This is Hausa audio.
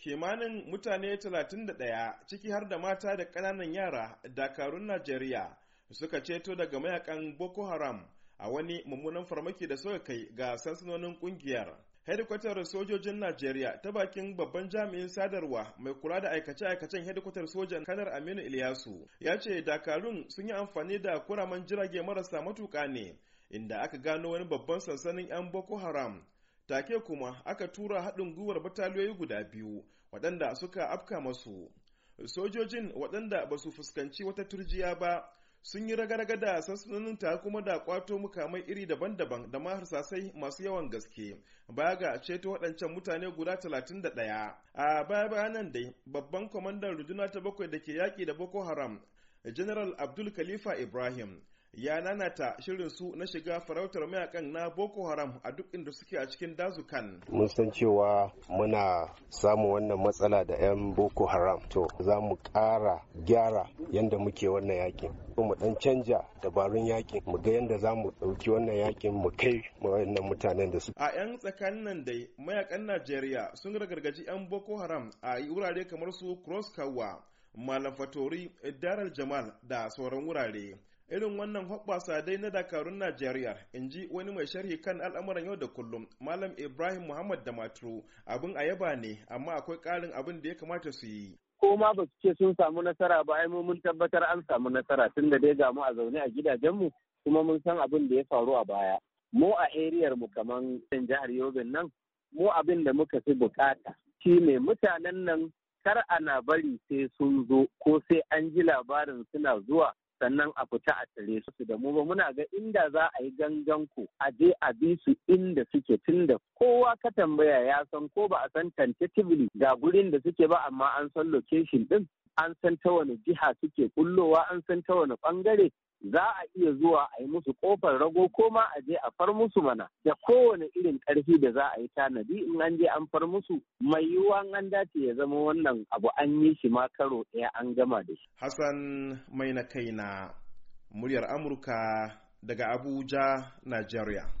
kimanin mutane 31 ciki har da mata da ƙananan yara dakarun najeriya suka ceto daga mayakan boko haram a wani mummunan farmaki da suka kai ga sansanonin ƙungiyar. hedikwatar sojojin najeriya ta bakin babban jami'in sadarwa mai kula da aikace-aikacen hedikwatar sojan kanar aminu ilyasu ya ce dakarun sun yi amfani da kuraman jirage marasa matuka ne inda aka gano wani babban sansanin 'yan boko haram take kuma aka tura haɗin gwiwar bataliyoyi guda biyu waɗanda suka afka masu sojojin waɗanda ba su fuskanci wata turjiya ba sun yi ragaraga da sansanonin ta kuma da kwato mukamai iri daban-daban da ma harsasai masu yawan gaske ba ga ceto waɗancan mutane guda 31 a baya bayanan dai babban kwamandan runduna ta bakwai da ke yaƙi da boko haram general abdul khalifa ibrahim ya nanata shirin su na shiga farautar mayakan na boko haram a duk inda suke a cikin dazukan mun san cewa muna samu wannan matsala da 'yan boko haram to za mu ƙara gyara yadda muke wannan yakin mu dan canja dabarun yakin mu ga yadda za mu ɗauki wannan yakin mu kai wannan mutanen da su a 'yan tsakanin nan dai mayakan najeriya sun gargaji 'yan boko haram a wurare kamar su cross kawa malam fatori daral jamal da sauran wurare irin wannan hoɓɓasa dai na dakarun najeriya in ji wani mai sharhi kan al'amuran yau da kullum malam ibrahim muhammad da maturu abin a yaba ne amma akwai ƙarin abin da ya kamata su yi ko ma ba su ce sun samu nasara ba ai mun tabbatar an samu nasara tun da dai ga mu a zaune a gidajenmu kuma mun san abin da ya faru a baya mu a eriyar mu kaman jihar yobin nan mu abin da muka fi bukata shine mutanen nan kar ana bari sai sun zo ko sai an ji labarin suna zuwa sannan a fita a tare su da mu ba muna ga inda za a yi gangan ku a je a bi su inda suke tunda kowa ka tambaya ya san ko ba a san tentatively ga gurin da suke ba amma an san location din an san ta wani jiha suke kullowa an san ta wani bangare za a iya zuwa a yi musu kofar rago ko ma a je a far musu mana da kowane irin karfi da za a yi tanadi in an je an far musu mai yiwuwa an dace ya zama wannan abu an yi shi ma karo ɗaya an gama da shi. Hassan mai na kai na muryar Amurka daga Abuja, Najeriya.